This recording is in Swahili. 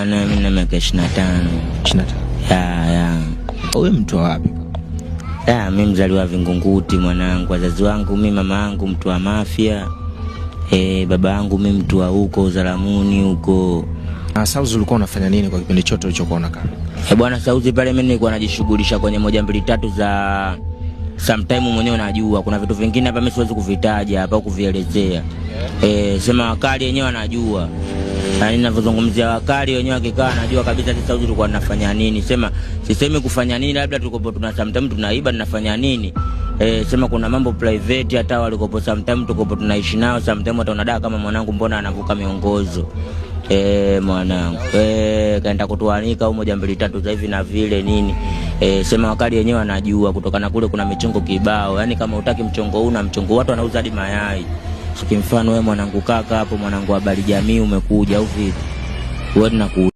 Hapana, mimi na miaka 25. 25. Ya, ya. Wewe mtu wapi? Ya, mimi mzaliwa Vingunguti mwanangu, wazazi wangu mimi mama yangu mtu wa Mafia. Eh, baba yangu mimi mtu wa huko Uzalamuni huko. Na ah, Sauzi ulikuwa unafanya nini kwa kipindi chote ulichokuwa unakaa? Eh, bwana Sauzi pale mimi nilikuwa najishughulisha kwenye moja mbili tatu za sometime mwenyewe najua kuna vitu vingine hapa mimi siwezi kuvitaja hapa kuvielezea. Eh, sema wakali yenyewe anajua na ninavyozungumzia wakali wenyewe akikaa anajua kabisa sasa huyu tulikuwa tunafanya nini. Sema sisemi kufanya nini, labda tulikopo tuna sometime tunaiba tunafanya nini e, sema kuna mambo private hata walikopo sometimes tukopo tunaishi nao sometimes, hata unadaka kama mwanangu, mbona anavuka miongozo eh, mwanangu eh, kaenda kutuanika au moja mbili tatu za hivi na vile nini e, sema wakali wenyewe wanajua, kutokana kule kuna michongo kibao, yani kama utaki mchongo huu na mchongo, watu wanauza hadi mayai Kimfano wewe mwanangu, kaka hapo mwanangu, habari jamii, umekuja au vipi? Wewe